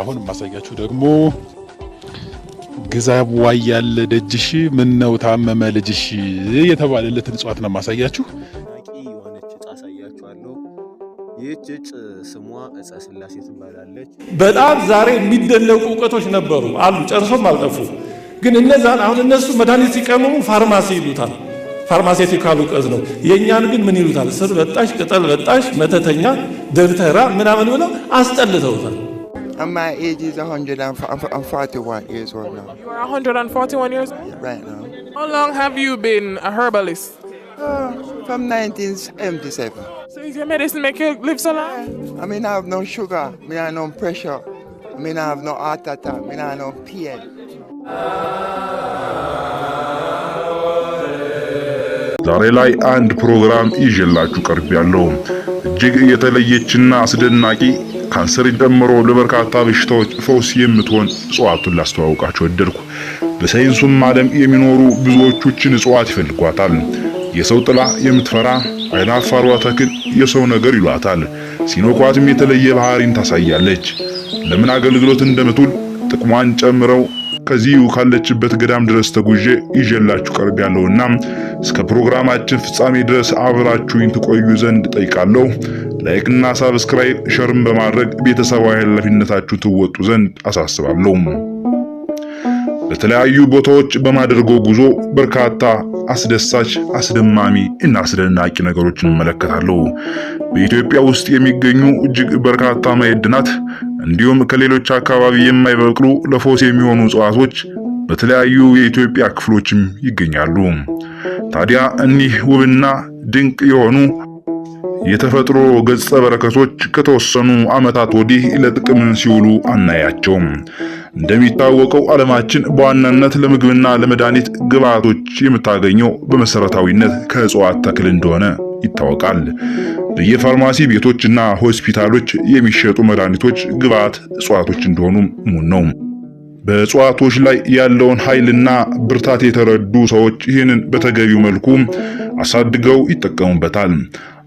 አሁን የማሳያችሁ ደግሞ ግዛብ ዋይ ደጅሽ ምን ነው ታመመ ልጅሽ የተባለለትን እጽዋት ነው የማሳያችሁ። ይህች እጽ ስሟ እጸ ስላሴ ትባላለች። በጣም ዛሬ የሚደለቁ እውቀቶች ነበሩ አሉ፣ ጨርሶም አልጠፉ። ግን እነዛን አሁን እነሱ መድኃኒት ሲቀምሙ ፋርማሲ ይሉታል፣ ፋርማሴቲካል እውቀት ነው። የእኛን ግን ምን ይሉታል? ስር በጣሽ፣ ቅጠል በጣሽ፣ መተተኛ፣ ደብተራ ምናምን ብለው አስጠልተውታል። And my age is 100 and I'm 41 years old now. You are 141 years old? right now. How long have you been a herbalist? Uh, from 1977. So is your medicine make you live so long? I mean, I have no sugar, I mean, I have no pressure, I mean, I have no heart attack, I mean, I have no pain. ዛሬ ላይ አንድ ፕሮግራም ይዤላችሁ ቀርቤ ያለሁ እጅግ የተለየችና አስደናቂ ካንሰርን ጨምሮ ለበርካታ በሽታዎች ፈውስ የምትሆን እጽዋቱን ላስተዋውቃቸው እደልኩ። በሳይንሱም ዓለም የሚኖሩ ብዙዎቹችን እጽዋት ይፈልጓታል። የሰው ጥላ የምትፈራ አይነ አፋሯ ተክል የሰው ነገር ይሏታል። ሲኖኳትም የተለየ ባህሪን ታሳያለች። ለምን አገልግሎት እንደምትውል ጥቅሟን ጨምረው ከዚሁ ካለችበት ገዳም ድረስ ተጉዤ ይዤላችሁ ቀርብ ያለውና እስከ ፕሮግራማችን ፍጻሜ ድረስ አብራችሁኝ ትቆዩ ዘንድ ጠይቃለሁ። ላይክና ሳብስክራይብ ሸርም በማድረግ ቤተሰባዊ ኃላፊነታችሁ ትወጡ ዘንድ አሳስባለሁ። በተለያዩ ቦታዎች በማደርገው ጉዞ በርካታ አስደሳች፣ አስደማሚ እና አስደናቂ ነገሮችን እመለከታለሁ። በኢትዮጵያ ውስጥ የሚገኙ እጅግ በርካታ ማዕድናት እንዲሁም ከሌሎች አካባቢ የማይበቅሉ ለፎስ የሚሆኑ እጽዋቶች በተለያዩ የኢትዮጵያ ክፍሎችም ይገኛሉ። ታዲያ እኒህ ውብና ድንቅ የሆኑ የተፈጥሮ ገጸ በረከቶች ከተወሰኑ ዓመታት ወዲህ ለጥቅም ሲውሉ አናያቸውም። እንደሚታወቀው ዓለማችን በዋናነት ለምግብና ለመድኃኒት ግብዓቶች የምታገኘው በመሰረታዊነት ከእጽዋት ተክል እንደሆነ ይታወቃል። በየፋርማሲ ቤቶችና ሆስፒታሎች የሚሸጡ መድኃኒቶች ግብዓት እጽዋቶች እንደሆኑ ሙን ነው። በእጽዋቶች ላይ ያለውን ኃይልና ብርታት የተረዱ ሰዎች ይህንን በተገቢው መልኩ አሳድገው ይጠቀሙበታል።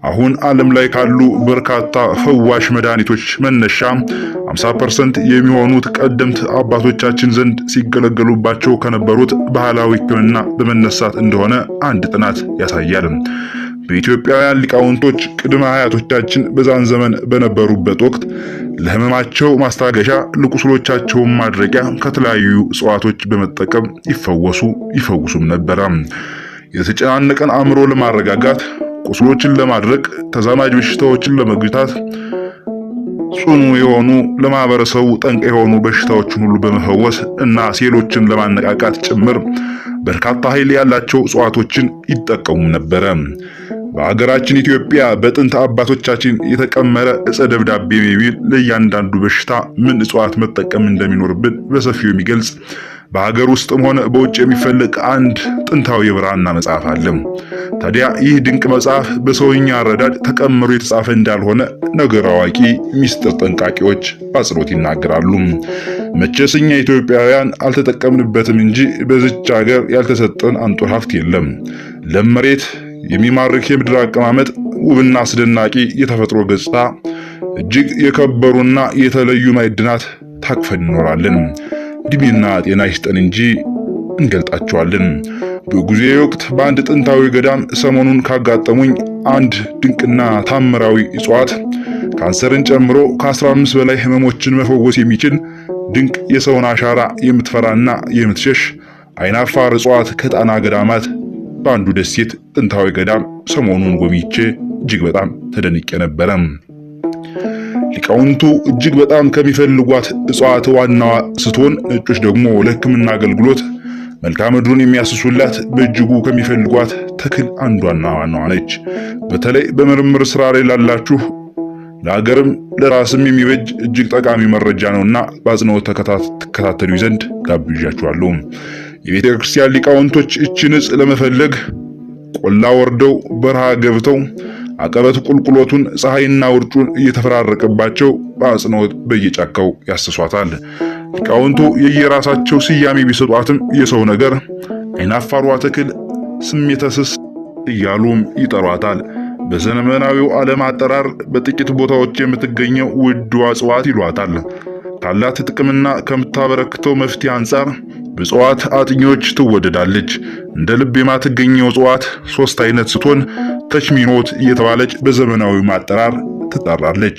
አሁን ዓለም ላይ ካሉ በርካታ ፈዋሽ መድኃኒቶች መነሻ 50% የሚሆኑት ቀደምት አባቶቻችን ዘንድ ሲገለገሉባቸው ከነበሩት ባህላዊ ሕክምና በመነሳት እንደሆነ አንድ ጥናት ያሳያል። በኢትዮጵያውያን ሊቃውንቶች ቅድመ አያቶቻችን በዛን ዘመን በነበሩበት ወቅት ለህመማቸው ማስታገሻ ለቁስሎቻቸውን ማድረቂያ ከተለያዩ እጽዋቶች በመጠቀም ይፈወሱ ይፈውሱም ነበረ። የተጨናነቀን አእምሮ ለማረጋጋት ቁስሎችን ለማድረቅ፣ ተዛማጅ በሽታዎችን ለመግታት ጽኑ የሆኑ ለማህበረሰቡ ጠንቅ የሆኑ በሽታዎችን ሁሉ በመፈወስ እና ሴሎችን ለማነቃቃት ጭምር በርካታ ኃይል ያላቸው እጽዋቶችን ይጠቀሙ ነበረ። በአገራችን ኢትዮጵያ በጥንት አባቶቻችን የተቀመረ ዕፀ ደብዳቤ የሚል ለእያንዳንዱ በሽታ ምን እጽዋት መጠቀም እንደሚኖርብን በሰፊው የሚገልጽ በሀገር ውስጥም ሆነ በውጭ የሚፈልቅ አንድ ጥንታዊ የብራና መጽሐፍ አለም። ታዲያ ይህ ድንቅ መጽሐፍ በሰውኛ አረዳድ ተቀምሮ የተጻፈ እንዳልሆነ ነገር አዋቂ ሚስጥር ጠንቃቂዎች በአጽንኦት ይናገራሉ። መቼስ እኛ ኢትዮጵያውያን አልተጠቀምንበትም እንጂ በዚች ሀገር ያልተሰጠን አንጡር ሀብት የለም። ለም መሬት፣ የሚማርክ የምድር አቀማመጥ፣ ውብና አስደናቂ የተፈጥሮ ገጽታ፣ እጅግ የከበሩና የተለዩ ማዕድናት ታቅፈን እንኖራለን። እድሜና ጤና ይስጠን እንጂ እንገልጣቸዋለን። በጉዞ ወቅት በአንድ ጥንታዊ ገዳም ሰሞኑን ካጋጠሙኝ አንድ ድንቅና ታምራዊ እጽዋት ካንሰርን ጨምሮ ከ15 በላይ ህመሞችን መፈወስ የሚችል ድንቅ የሰውን አሻራ የምትፈራና የምትሸሽ አይናፋር እጽዋት ከጣና ገዳማት በአንዱ ደሴት ጥንታዊ ገዳም ሰሞኑን ጎብኝቼ እጅግ በጣም ተደንቄ ነበረም። ሊቃውንቱ እጅግ በጣም ከሚፈልጓት እጽዋት ዋናዋ ስትሆን ነጮች ደግሞ ለሕክምና አገልግሎት መልክዓ ምድሩን የሚያስሱላት በእጅጉ ከሚፈልጓት ተክል አንዷና ዋናዋ ነች። በተለይ በምርምር ስራ ላይ ላላችሁ ለሀገርም ለራስም የሚበጅ እጅግ ጠቃሚ መረጃ ነውና በአጽንኦት ተከታተሉ ዘንድ ጋብዣችኋለሁ። የቤተ ክርስቲያን ሊቃውንቶች እችን ዕፅ ለመፈለግ ቆላ ወርደው በረሃ ገብተው አቀበት ቁልቁሎቱን ፀሐይና ውርጩን እየተፈራረቀባቸው በአጽንኦት በየጫካው ያስሷታል። ሊቃውንቱ የየራሳቸው ስያሜ ቢሰጧትም የሰው ነገር አይናፋሯ ተክል፣ ስሜተ ስስ እያሉም ይጠሯታል። በዘመናዊው ዓለም አጠራር በጥቂት ቦታዎች የምትገኘው ውድዋ እጽዋት ይሏታል። ካላት ጥቅምና ከምታበረክተው መፍትሄ አንጻር በእጽዋት አጥኚዎች ትወደዳለች። እንደ ልብ የማትገኘው እጽዋት ሶስት አይነት ስትሆን ተችሚኖት እየተባለች በዘመናዊ ማጠራር ትጠራለች።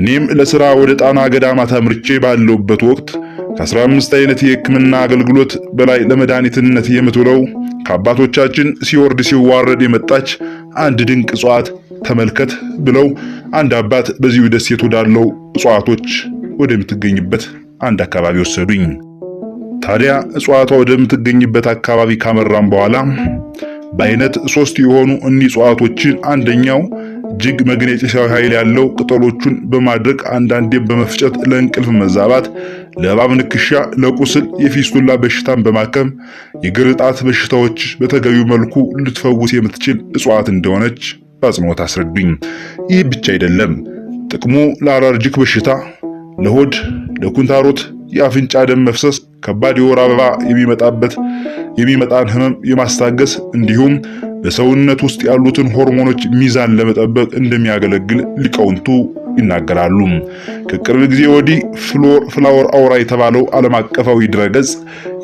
እኔም ለስራ ወደ ጣና ገዳማት አምርቼ ባለውበት ወቅት ከ15 አይነት የህክምና አገልግሎት በላይ ለመድኃኒትነት የምትውለው ከአባቶቻችን ሲወርድ ሲዋረድ የመጣች አንድ ድንቅ እጽዋት ተመልከት ብለው አንድ አባት በዚሁ ደሴት ወዳለው እጽዋቶች ወደምትገኝበት አንድ አካባቢ ወሰዱኝ። ታዲያ እጽዋቷ ወደምትገኝበት አካባቢ ካመራም በኋላ በአይነት ሶስት የሆኑ እኒህ እጽዋቶችን አንደኛው እጅግ መግነጢሳዊ ኃይል ያለው ቅጠሎቹን በማድረግ አንዳንዴም በመፍጨት ለእንቅልፍ መዛባት፣ ለእባብ ንክሻ፣ ለቁስል፣ የፊስቱላ በሽታን በማከም የግርጣት በሽታዎች በተገቢ መልኩ ልትፈውስ የምትችል እጽዋት እንደሆነች በአጽንኦት አስረዱኝ። ይህ ብቻ አይደለም። ጥቅሙ ለአራርጅክ በሽታ፣ ለሆድ፣ ለኩንታሮት፣ የአፍንጫ ደም መፍሰስ ከባድ የወር አበባ የሚመጣበት የሚመጣን ህመም የማስታገስ እንዲሁም በሰውነት ውስጥ ያሉትን ሆርሞኖች ሚዛን ለመጠበቅ እንደሚያገለግል ሊቃውንቱ ይናገራሉ። ከቅርብ ጊዜ ወዲህ ፍላወር አውራ የተባለው ዓለም አቀፋዊ ድረገጽ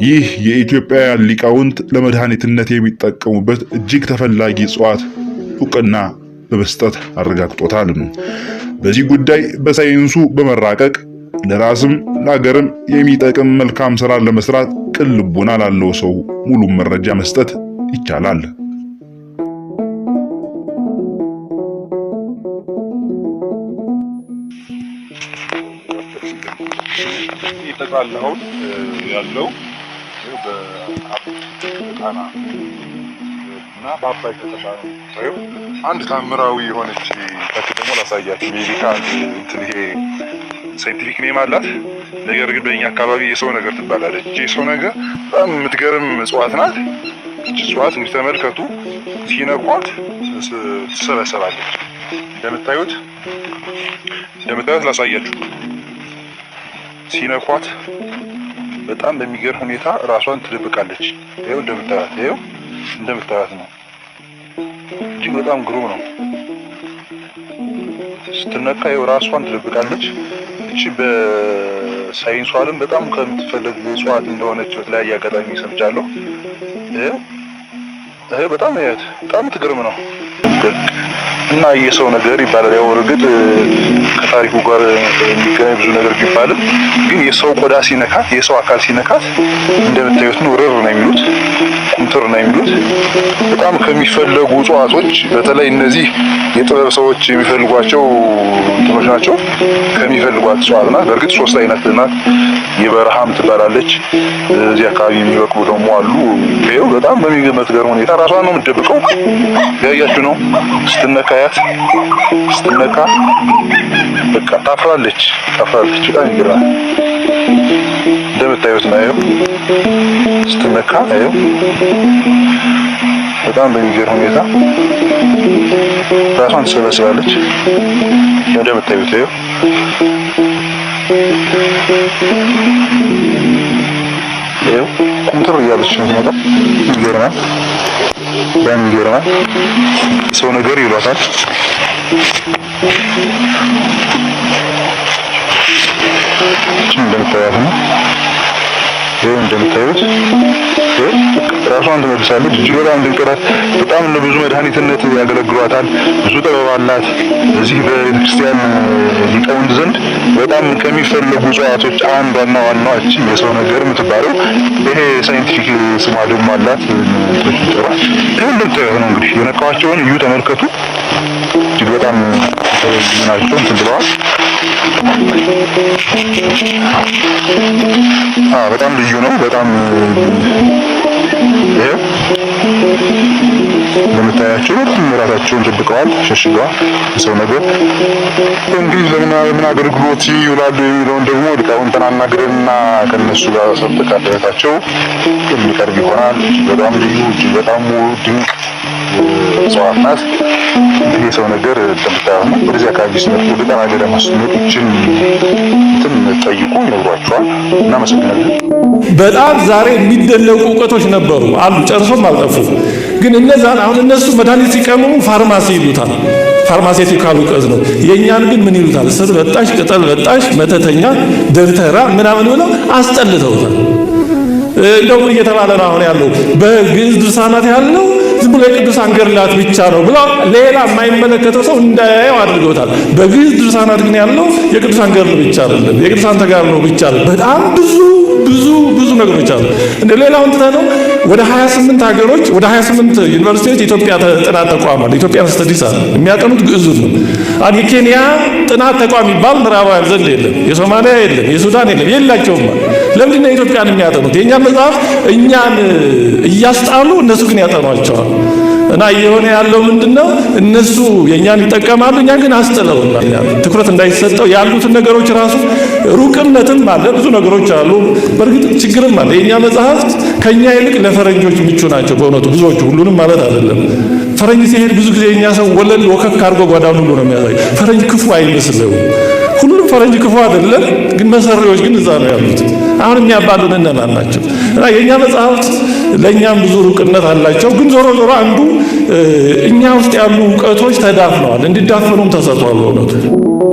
ይህ የኢትዮጵያውያን ሊቃውንት ለመድኃኒትነት የሚጠቀሙበት እጅግ ተፈላጊ እጽዋት እውቅና በመስጠት አረጋግጦታል። በዚህ ጉዳይ በሳይንሱ በመራቀቅ ለራስም ለአገርም የሚጠቅም መልካም ስራ ለመስራት ቅን ልቦና ላለው ሰው ሙሉ መረጃ መስጠት ይቻላል። ጠቅላላውን ያለው አንድ ታምራዊ የሆነች ደግሞ ላሳያችሁ ሜዲካ እንትን ይሄ ሳይንቲፊክ ኔም አላት። ነገር ግን በእኛ አካባቢ የሰው ነገር ትባላለች። የሰው ነገር በጣም የምትገርም እጽዋት ናት። እጽዋት እንግዲህ ተመልከቱ፣ ሲነኳት ትሰበሰባለች። እንደምታዩት እንደምታዩት ላሳያችሁ። ሲነኳት በጣም በሚገርም ሁኔታ ራሷን ትደብቃለች። ይኸው እንደምታዩት ይኸው እንደምታዩት ነው። እጅግ በጣም ግሩም ነው። ስትነካ ይኸው ራሷን ትደብቃለች። እቺ በሳይንሱ ዓለም በጣም ከምትፈለግ እጽዋት እንደሆነች በተለያየ አጋጣሚ ሰምቻለሁ። ይሄ በጣም ያት በጣም ትግርም ነው። እና የሰው ነገር ይባላል። ያው እርግጥ ከታሪኩ ጋር የሚገናኝ ብዙ ነገር ቢባልም ግን የሰው ቆዳ ሲነካት፣ የሰው አካል ሲነካት እንደምታዩት ነው ርር ነው የሚሉት ቁምትር ነው የሚሉት። በጣም ከሚፈለጉ እጽዋቶች በተለይ እነዚህ የጥበብ ሰዎች የሚፈልጓቸው እንትኖች ናቸው። ከሚፈልጓት እጽዋት ናት። በእርግጥ ሶስት አይነት ናት። የበረሃም ትባላለች። እዚህ አካባቢ የሚበቅሉ ደግሞ አሉ። ይኸው በጣም በሚገርም ሁኔታ ራሷን ነው የምትደብቀው። ያያችሁ ነው ስትነካያት፣ ስትነካ በቃ ታፍራለች፣ ታፍራለች። በጣም ይገርማል። እንደምታዩት ነው ስትነካ፣ ይኸው በጣም በሚገርም ሁኔታ ራሷን ትሰበስባለች። እንደምታዩት ይኸው Eu ee, kontrol yarışımda görmem. Ben görmem. Sonra görüyor bakar. Şimdi ben tarafını. Ve önden tarafı. ራሷን ትመልሳለች። እጅግ በጣም ድንቅራት በጣም ለብዙ መድኃኒትነት ያገለግሏታል። ብዙ ጥበብ አላት። እዚህ በቤተክርስቲያን ሊቃውንት ዘንድ በጣም ከሚፈለጉ እጽዋቶች አንዷና ዋናዋ እቺ የሰው ነገር የምትባለው ይሄ ሳይንቲፊክ ስሟ ደግሞ አላት። ይህን ልጠቀቅ ነው እንግዲህ የነካዋቸውን እዩ፣ ተመልከቱ። እጅግ በጣም ናቸው እንትን ብለዋል። በጣም ልዩ ነው በጣም ይሄው እንደምታያቸው ሁለቱም ራሳቸውን ደብቀዋል፣ ሸሽገዋል። የሰው ነገር እንግዲህ ለምን ምን አገልግሎት ይውላሉ የሚለውን ደግሞ ሊቃውንትን አናግረንና ከነሱ ጋር ሰብተካ ደረታቸው የሚቀርብ ይሆናል። በጣም ልዩ እጅግ በጣም ድንቅ እጽዋት ናት። የሰው ነገር እንደምታየው ነው። ወደዚህ አካባቢ ሲመጡ ገጠራ ገደማ ሲመጡ እችን እንትን ጠይቁ ይኖሯቸዋል። እናመሰግናለን። በጣም ዛሬ የሚደለቁ እውቀቶች ነበሩ አሉ፣ ጨርሶም አልጠፉ። ግን እነዛን አሁን እነሱ መድኃኒት ሲቀምሙ ፋርማሲ ይሉታል። ፋርማሴቲካል እውቀት ነው። የእኛን ግን ምን ይሉታል? ስር በጣሽ፣ ቅጠል በጣሽ፣ መተተኛ፣ ደብተራ ምናምን ብለው አስጠልተውታል። እንደው እየተባለ ነው አሁን ያለው በግዕዝ ድርሳናት ያለው ዝም ብሎ የቅዱሳን ገድላት ብቻ ነው ብላ ሌላ የማይመለከተው ሰው እንዳያየው አድርገውታል። በግዕዝ ድርሳናት ግን ያለው የቅዱሳን ገድል ብቻ አይደለም፣ የቅዱሳን ተጋድሎ ብቻ አይደለም። በጣም ብዙ ብዙ ብዙ ነገሮች አሉ። እንደ ሌላውን ትተህ ነው ወደ 28 ሀገሮች ወደ 28 ዩኒቨርሲቲዎች ኢትዮጵያ ጥናት ተቋም አለ። ኢትዮጵያ ስተዲስ አለ። የሚያጠኑት ግዕዙን ነው። አሁን የኬንያ ጥናት ተቋም ይባል ምዕራባውያን ዘንድ የለም፣ የሶማሊያ የለም፣ የሱዳን የለም፣ የላቸውም። ለምንድን ነው ኢትዮጵያን የሚያጠኑት? የእኛ መጽሐፍ እኛን እያስጣሉ እነሱ ግን ያጠኗቸዋል። እና እየሆነ ያለው ምንድነው እነሱ የእኛን ይጠቀማሉ፣ እኛ ግን አስጥለውና ትኩረት እንዳይሰጠው ያሉትን ነገሮች ራሱ ሩቅነትም አለ፣ ብዙ ነገሮች አሉ። በእርግጥ ችግርም አለ። የእኛ መጽሐፍት ከእኛ ይልቅ ለፈረንጆች ምቹ ናቸው። በእውነቱ ብዙዎቹ፣ ሁሉንም ማለት አይደለም። ፈረንጅ ሲሄድ ብዙ ጊዜ የእኛ ሰው ወለል ወከክ አድርጎ ጓዳን ሁሉ ነው የሚያሳይ። ፈረንጅ ክፉ አይመስለው ሁሉም ፈረንጅ ክፉ አይደለም፣ ግን መሰሪዎች ግን እዛ ነው ያሉት። አሁን የሚያባሉን እነማን ናቸው? እና የእኛ መጽሐፍት ለእኛም ብዙ ሩቅነት አላቸው። ግን ዞሮ ዞሮ አንዱ እኛ ውስጥ ያሉ እውቀቶች ተዳፍነዋል፣ እንዲዳፈኑም ተሰጥቷል በእውነቱ